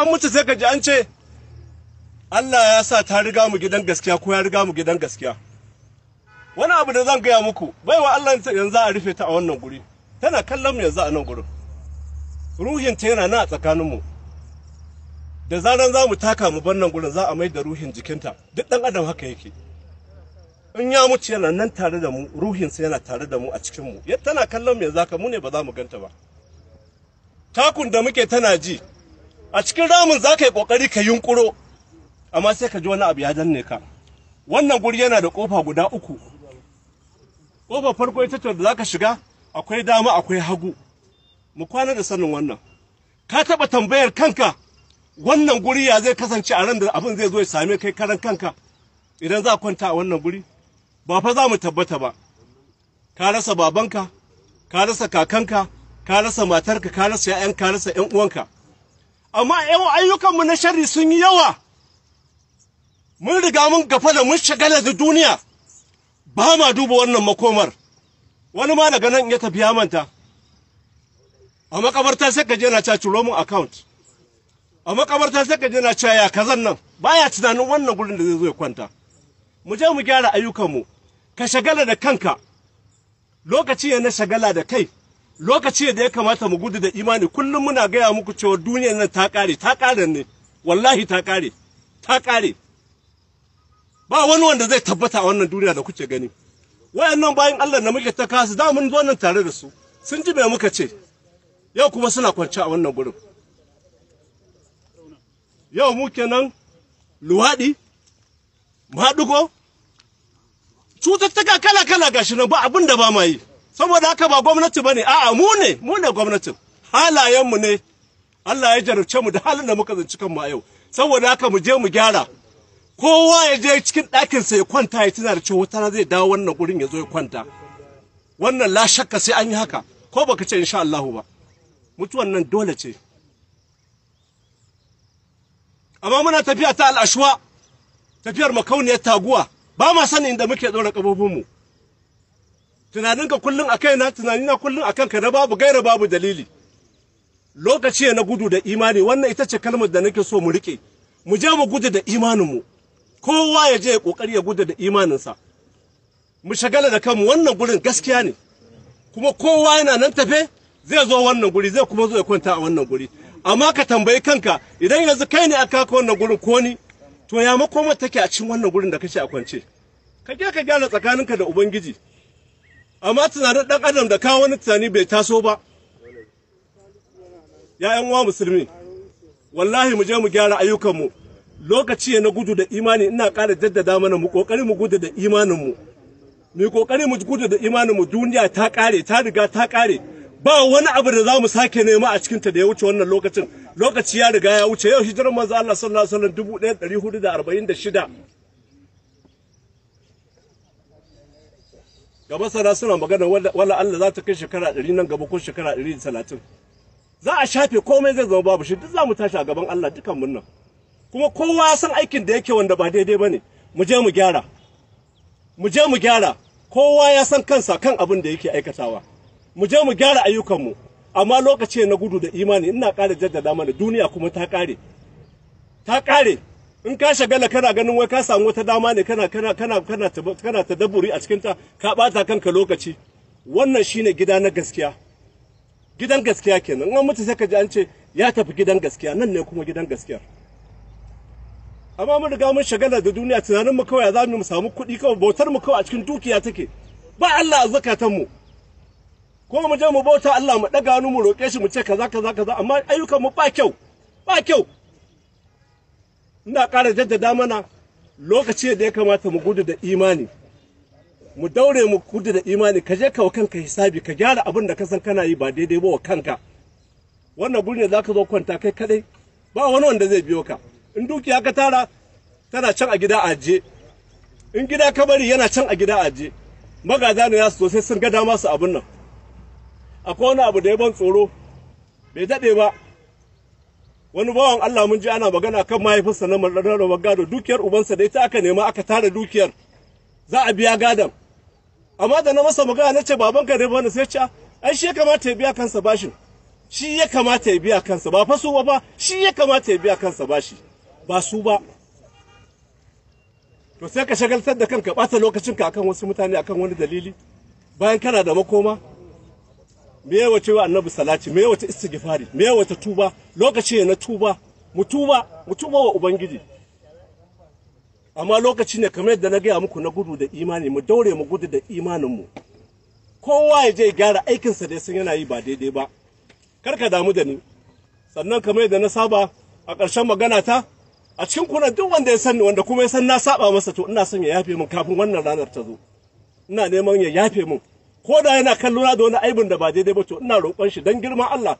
an mutu sai ka ji an ce Allah ya sa ta riga mu gidan gaskiya ko ya riga mu gidan gaskiya wani abu da zan gaya muku baiwa Allah yanzu a rufe ta a wannan guri tana kallon mu yanzu a nan gurin ruhin ta yana nan a tsakanin mu da zaran za mu taka mu bar nan gurin za a mai da ruhin jikinta duk dan adam haka yake in ya mutu yana nan tare da mu ruhin sa yana tare da mu a cikin mu tana kallon mu yanzu haka mu ne ba za mu ganta ba takun da muke tana ji a cikin ramin za ka yi ƙoƙari ka yunƙuro amma sai ka ji wani abu ya danne ka wannan guri yana da ƙofa guda uku ƙofar farko ita ce da za ka shiga akwai dama akwai hagu mu kwana da sanin wannan ka taɓa tambayar kanka wannan guri ya zai kasance a ran da abin zai zo ya same kai karan kanka idan za kwanta a wannan guri ba fa za mu tabbata ba ka rasa babanka ka rasa kakanka ka rasa matarka ka rasa 'ya'yanka, ka rasa 'yan uwanka amma yawan ayyukanmu na shari sun yi yawa mun riga mun gafa da mun shagala da duniya ba ma duba wannan makomar wani ma daga nan ya tafiya manta a makabarta sai ka je na ca ciro mun account a makabarta sai ka je na ca ya kazan nan baya tunanin wannan gurin da zai zo ya kwanta mu je mu gyara ayyukanmu ka shagala da kanka lokaci ya na shagala da kai lokaci da ya kamata mu gudu da imani kullum muna gaya muku cewa duniyar nan ta kare ta kare ne wallahi ta kare ta kare ba wani wanda zai tabbata a wannan duniya da kuke gani wayannan bayan Allah na muke ta kasu da mun zo nan tare da su sun ji me muka ce yau kuma suna kwance a wannan gurin yau mu kenan luwaɗi maɗugo cututtuka kala-kala gashi nan ba abin da ba ma yi saboda haka ba gwamnati bane a'a mu ne mu ne gwamnatin halayenmu ne Allah ya jarabce mu da halin da muka zanci mu a yau saboda haka mu je mu gyara kowa ya je cikin ɗakin sa ya kwanta ya tana da cewa wata zai dawo wannan gurin ya zo ya kwanta wannan la shakka sai an yi haka ko baka ce insha Allah ba mutuwan nan dole ce amma muna tafiya ta al'ashwa tafiyar makauniyar taguwa ba ma sanin inda muke ɗora ƙabobinmu mu tunaninka kullum a kaina tunanina kullum a kanka na babu gaira babu dalili lokaci na gudu da imani wannan ita ce kalmar da nake so mu rike mu je mu gudu da imaninmu kowa ya je ya kokari ya gudu da imaninsa mu shagala da kanmu wannan gurin gaskiya ne kuma kowa yana nan tafe zai zo wannan guri zai kuma zo ya kwanta a wannan guri amma ka tambayi kanka idan yanzu kai ne aka ka wannan gurin ko ni to ya makoma take a cikin wannan gurin da kace a kwance ka je ka gyara tsakaninka da ubangiji amma tunanin ɗan adam da kawo wani tunani bai taso ba ya uwa musulmi wallahi mu je mu gyara ayyukanmu lokaci na gudu da imani ina ƙara jaddada mana mu ƙoƙari mu gudu da imaninmu mu ƙoƙari mu gudu da imaninmu duniya ta ƙare ta riga ta ƙare ba wani abu da za mu sake nema a cikinta da ya wuce wannan lokacin lokaci ya riga ya wuce yau hijirar manzo Allah sallallahu alaihi wasallam 1446 da masana suna magana wala Allah za ta kai shekara 100 nan gaba ko shekara talatin za a shafe komai zai zama babu shi duk za mu tashi a gaban Allah dukan mun nan kuma kowa ya san aikin da yake wanda ba daidai bane mu je mu gyara mu je mu gyara kowa ya san kansa kan abin da yake aikatawa mu je mu gyara ayyukanmu amma lokaci na gudu da imani ina ƙara jaddada mana duniya kuma ta ƙare ta ƙare in ka shagala kana ganin wai ka samu wata dama ne kana kana kana kana kana daburi a cikin ta ka bata kanka lokaci wannan shine gida na gaskiya gidan gaskiya kenan in an mutu sai ka ji an ce ya tafi gidan gaskiya nan ne kuma gidan gaskiya amma mun riga mun shagala da duniya tunanin mu kawai za mu samu kuɗi kawai bautar mu kawai a cikin dukiya take ba Allah a zakatan mu ko mu je mu bauta Allah mu daga hannu mu roƙe shi mu ce kaza kaza kaza amma ayyukan mu ba kyau ba kyau ina ƙara jaddada mana lokaci da ya kamata mu gudu da imani mu daure mu gudu da imani ka je ka wa kanka hisabi ka gyara abin da ka san kana yi ba daidai ba wa kanka wannan gurin ne za ka zo kwanta kai kadai ba wani wanda zai biyo ka in dukiya ka tara tana can a gida a je in gida ka bari yana can a gida a je magaza ne za su sai sun ga dama su abin nan akwai wani abu da ya ban tsoro bai daɗe ba wani bawan Allah mun ji ana magana kan mahaifinsa na mararrawa gado dukiyar ubansa da ita aka nema aka tara dukiyar za a biya gadon amma da na masa magana na ce baban ka dai na sai ce ai shi ya kamata ya biya kansa bashin shi ya kamata ya biya kansa ba fa su ba shi ya kamata ya biya kansa bashi ba su ba to sai ka shagaltar da kanka ɓata lokacin ka akan wasu mutane akan wani dalili bayan kana da makoma me wace wa annabi salati me wace istighfari me wace tuba lokaci ne na tuba mu tuba mu tuba wa ubangiji amma lokaci ne kamar yadda na gaya muku na gudu da imani mu daure mu gudu da imanin mu kowa ya je gyara aikinsa dai sun yana yi ba daidai ba kar ka damu da ni sannan kamar yadda na saba a ƙarshen magana ta a cikin kuna duk wanda ya san ni wanda kuma ya san na saba masa to ina son ya yafe min kafin wannan ranar ta zo ina neman ya yafe min ko da yana kallo na da wani aibin da ba daidai ba to ina roƙon shi don girman Allah